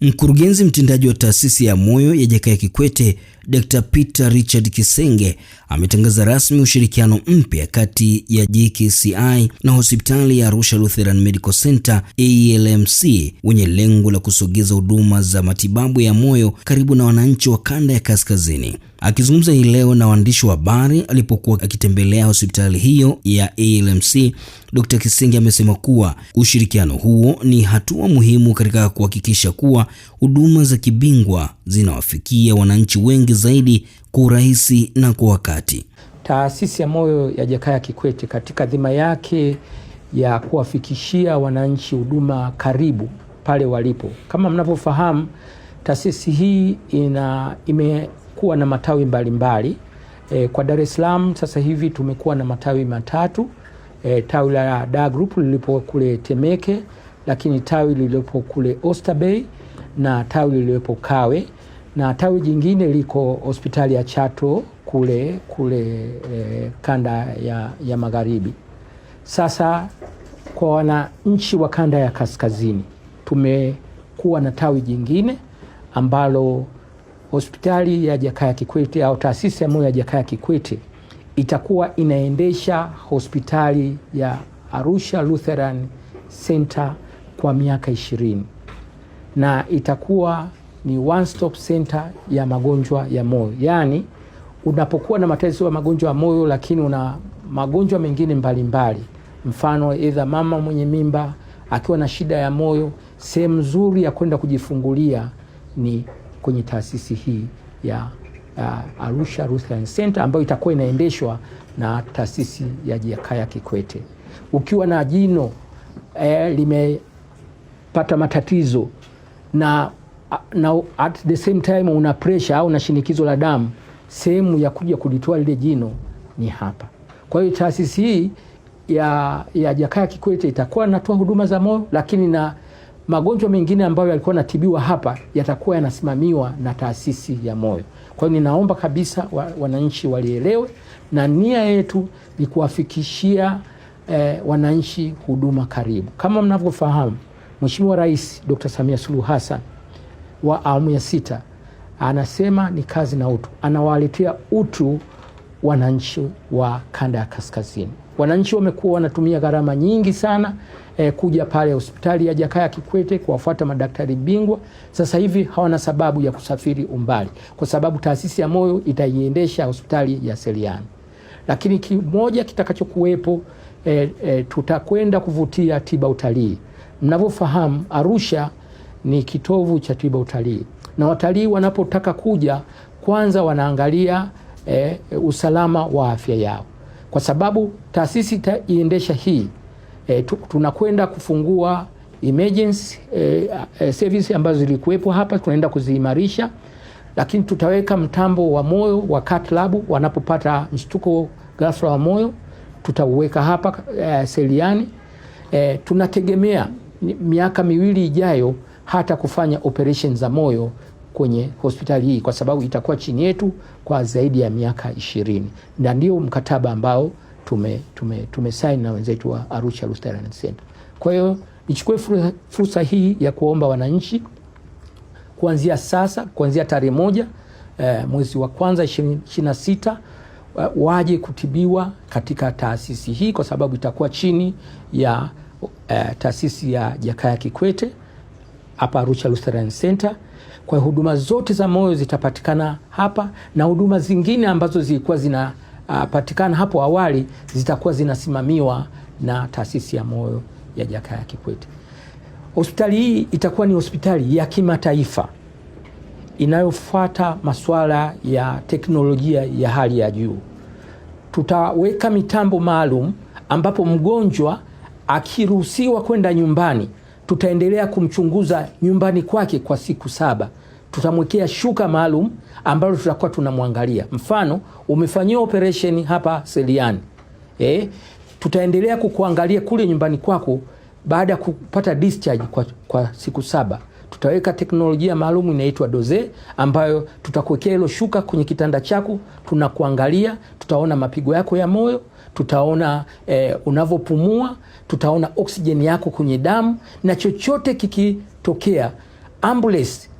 Mkurugenzi mtendaji wa taasisi ya moyo ya Jakaya Kikwete, Dr. Peter Richard Kisenge ametangaza rasmi ushirikiano mpya kati ya JKCI na hospitali ya Arusha Lutheran Medical Center ALMC wenye lengo la kusogeza huduma za matibabu ya moyo karibu na wananchi wa kanda ya kaskazini. Akizungumza hii leo na waandishi wa habari alipokuwa akitembelea hospitali hiyo ya ALMC, Dkt. kisingi amesema kuwa ushirikiano huo ni hatua muhimu katika kuhakikisha kuwa huduma za kibingwa zinawafikia wananchi wengi zaidi kwa urahisi na kwa wakati. Taasisi ya Moyo ya Jakaya Kikwete katika dhima yake ya kuwafikishia wananchi huduma karibu pale walipo. Kama mnavyofahamu, taasisi hii ina ime kuwa na matawi mbalimbali mbali. Eh, e, kwa Dar es Salaam sasa hivi tumekuwa na matawi matatu e, tawi la Da Group lilipo kule Temeke, lakini tawi lilipo kule Oyster Bay na tawi lilipo Kawe na tawi jingine liko hospitali ya Chato kule kule e, kanda ya, ya magharibi. Sasa kwa wananchi wa kanda ya kaskazini tumekuwa na tawi jingine ambalo hospitali ya Jakaya Kikwete au taasisi ya moyo ya Jakaya Kikwete itakuwa inaendesha hospitali ya Arusha Lutheran Center kwa miaka ishirini na itakuwa ni one stop center ya magonjwa ya moyo, yaani unapokuwa na matatizo ya magonjwa ya moyo, lakini una magonjwa mengine mbalimbali mbali. Mfano, edha mama mwenye mimba akiwa na shida ya moyo, sehemu nzuri ya kwenda kujifungulia ni kwenye taasisi hii ya uh, Arusha Lutheran Center ambayo itakuwa inaendeshwa na taasisi ya Jakaya Kikwete. Ukiwa na jino eh, limepata matatizo na, na at the same time una pressure au na shinikizo la damu, sehemu ya kuja kulitoa lile jino ni hapa. Kwa hiyo taasisi hii ya, ya Jakaya Kikwete itakuwa natoa huduma za moyo lakini na magonjwa mengine ambayo yalikuwa yanatibiwa hapa yatakuwa yanasimamiwa na taasisi ya moyo. Kwa hiyo ninaomba kabisa wa, wananchi walielewe na nia yetu ni kuwafikishia eh, wananchi huduma karibu. Kama mnavyofahamu, Mheshimiwa Rais Dr. Samia Suluhu Hassan wa awamu ya sita anasema ni kazi na utu, anawaletea utu wananchi wa kanda ya kaskazini. Wananchi wamekuwa wanatumia gharama nyingi sana eh, kuja pale hospitali ya Jakaya Kikwete kuwafuata madaktari bingwa. Sasa hivi hawana sababu ya kusafiri umbali, kwa sababu taasisi ya moyo itaiendesha hospitali ya Seliani. Lakini kimoja kitakachokuwepo eh, eh, tutakwenda kuvutia tiba utalii. Mnavyofahamu, Arusha ni kitovu cha tiba utalii, na watalii wanapotaka kuja kwanza wanaangalia eh, usalama wa afya yao kwa sababu taasisi itaiendesha hii e, tunakwenda kufungua emergency e, e, service ambazo zilikuwepo hapa, tunaenda kuziimarisha, lakini tutaweka mtambo wa moyo wa cath lab wanapopata mshtuko ghafla wa moyo tutauweka hapa e, Seliani. E, tunategemea miaka miwili ijayo hata kufanya operation za moyo kwenye hospitali hii, kwa sababu itakuwa chini yetu kwa zaidi ya miaka ishirini, na ndio mkataba ambao tume, tume, tume na wenzetu wa Arusha Lutheran Center. Kwa hiyo nichukue fursa hii ya kuomba wananchi kuanzia sasa, kuanzia tarehe moja eh, mwezi wa kwanza 26 waje kutibiwa katika taasisi hii kwa sababu itakuwa chini ya eh, taasisi ya Jakaya Kikwete hapa Arusha Lutheran Center. Kwa huduma zote za moyo zitapatikana hapa na huduma zingine ambazo zilikuwa zinapatikana ah, uh, hapo awali zitakuwa zinasimamiwa na taasisi ya moyo ya Jakaya Kikwete. Hospitali hii itakuwa ni hospitali ya kimataifa inayofuata masuala ya teknolojia ya hali ya juu. Tutaweka mitambo maalum ambapo mgonjwa akiruhusiwa kwenda nyumbani tutaendelea kumchunguza nyumbani kwake kwa siku saba. Tutamwekea shuka maalum ambalo tutakuwa tunamwangalia. Mfano, umefanyiwa operesheni hapa Seliani e, tutaendelea kukuangalia kule nyumbani kwako baada ya kupata discharge kwa, kwa siku saba tutaweka teknolojia maalum inaitwa doze, ambayo tutakuwekea hilo shuka kwenye kitanda chako, tunakuangalia, tutaona mapigo yako ya moyo, tutaona eh, unavyopumua, tutaona oksijeni yako kwenye damu, na chochote kikitokea ambulance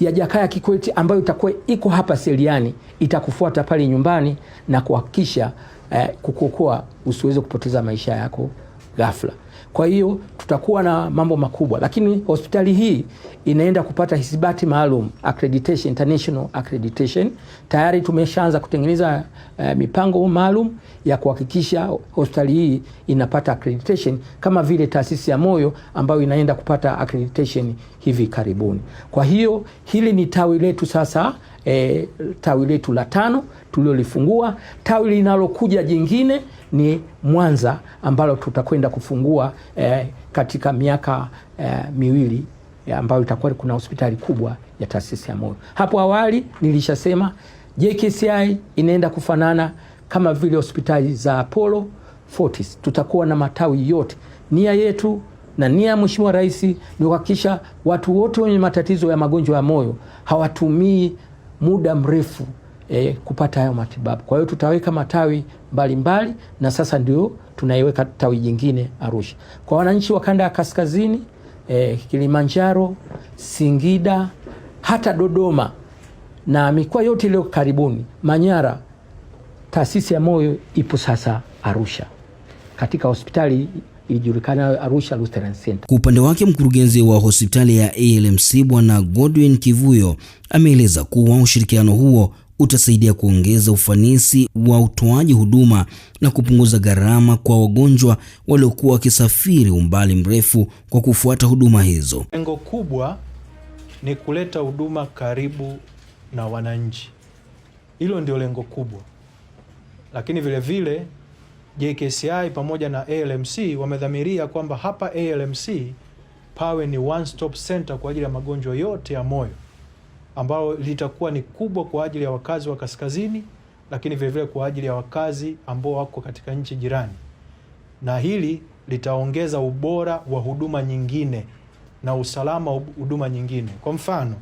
ya Jakaya Kikwete ambayo itakuwa iko hapa Seliani itakufuata pale nyumbani na kuhakikisha eh, kukuokoa usiweze kupoteza maisha yako ghafla. Kwa hiyo tutakuwa na mambo makubwa, lakini hospitali hii inaenda kupata hisibati maalum accreditation, international accreditation. Tayari tumeshaanza kutengeneza uh, mipango maalum ya kuhakikisha hospitali hii inapata accreditation kama vile taasisi ya moyo ambayo inaenda kupata accreditation hivi karibuni. Kwa hiyo hili ni tawi letu sasa e, tawi letu la tano tuliolifungua. Tawi linalokuja jingine ni Mwanza ambalo tutakwenda kufungua e, katika miaka e, miwili e, ambayo itakuwa kuna hospitali kubwa ya taasisi ya moyo. Hapo awali nilishasema JKCI inaenda kufanana kama vile hospitali za Apollo Fortis. Tutakuwa na matawi yote. Nia yetu na nia ya mweshimiwa Rais ni kuhakikisha watu wote wenye matatizo ya magonjwa ya moyo hawatumii muda mrefu e, kupata hayo matibabu. Kwa hiyo tutaweka matawi mbalimbali mbali, na sasa ndio tunaiweka tawi jingine Arusha kwa wananchi wa kanda ya kaskazini e, Kilimanjaro, Singida, hata Dodoma na mikoa yote iliyo karibuni Manyara. Taasisi ya moyo ipo sasa Arusha katika hospitali ilijulikana Arusha Lutheran Center. Kwa upande wake mkurugenzi wa hospitali ya ALMC Bwana Godwin Kivuyo ameeleza kuwa ushirikiano huo utasaidia kuongeza ufanisi wa utoaji huduma na kupunguza gharama kwa wagonjwa waliokuwa wakisafiri umbali mrefu kwa kufuata huduma hizo. Lengo kubwa ni kuleta huduma karibu na wananchi, hilo ndio lengo kubwa, lakini vilevile vile, JKCI pamoja na ALMC wamedhamiria kwamba hapa ALMC pawe ni one stop center kwa ajili ya magonjwa yote ya moyo ambayo litakuwa ni kubwa kwa ajili ya wakazi wa kaskazini, lakini vilevile kwa ajili ya wakazi ambao wako katika nchi jirani, na hili litaongeza ubora wa huduma nyingine na usalama wa huduma nyingine. Kwa mfano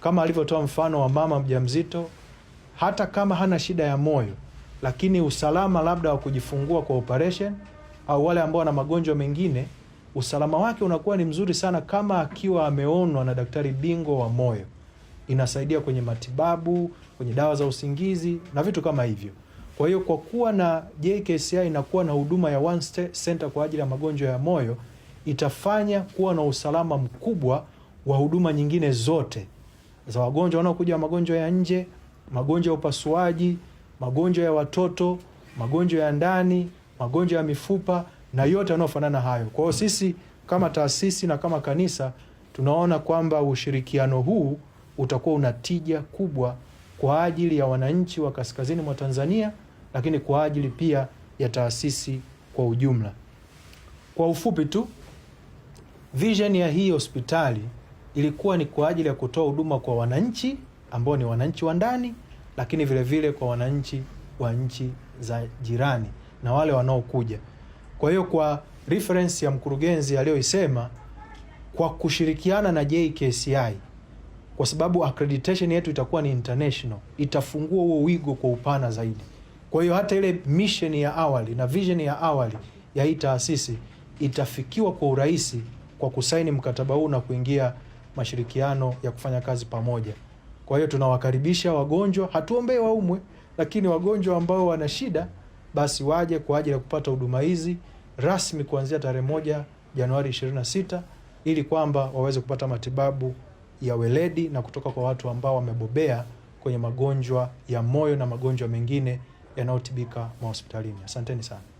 kama alivyotoa mfano wa mama mjamzito, hata kama hana shida ya moyo lakini usalama labda wa kujifungua kwa operation au wale ambao wana magonjwa mengine, usalama wake unakuwa ni mzuri sana kama akiwa ameonwa na daktari bingwa wa moyo. Inasaidia kwenye matibabu, kwenye dawa za usingizi na vitu kama hivyo. Kwa hiyo kwa kuwa na JKCI inakuwa na huduma ya one center kwa ajili ya magonjwa ya moyo, itafanya kuwa na usalama mkubwa wa huduma nyingine zote za wagonjwa wanaokuja, magonjwa ya nje, magonjwa ya upasuaji magonjwa ya watoto, magonjwa ya ndani, magonjwa ya mifupa na yote yanayofanana hayo. Kwa hiyo sisi kama taasisi na kama kanisa tunaona kwamba ushirikiano huu utakuwa una tija kubwa kwa ajili ya wananchi wa kaskazini mwa Tanzania, lakini kwa ajili pia ya taasisi kwa ujumla. Kwa ufupi tu, vision ya hii hospitali ilikuwa ni kwa ajili ya kutoa huduma kwa wananchi ambao ni wananchi wa ndani lakini vile vile kwa wananchi wa nchi za jirani na wale wanaokuja. Kwa hiyo kwa reference ya mkurugenzi aliyoisema, kwa kushirikiana na JKCI, kwa sababu accreditation yetu itakuwa ni international, itafungua huo wigo kwa upana zaidi. Kwa hiyo hata ile mission ya awali na vision ya awali ya hii taasisi itafikiwa kwa urahisi kwa kusaini mkataba huu na kuingia mashirikiano ya kufanya kazi pamoja. Kwa hiyo tunawakaribisha wagonjwa, hatuombee waumwe, lakini wagonjwa ambao wana shida basi waje kwa ajili ya kupata huduma hizi rasmi kuanzia tarehe moja Januari 26 ili kwamba waweze kupata matibabu ya weledi na kutoka kwa watu ambao wamebobea kwenye magonjwa ya moyo na magonjwa mengine yanayotibika mahospitalini. Asanteni sana.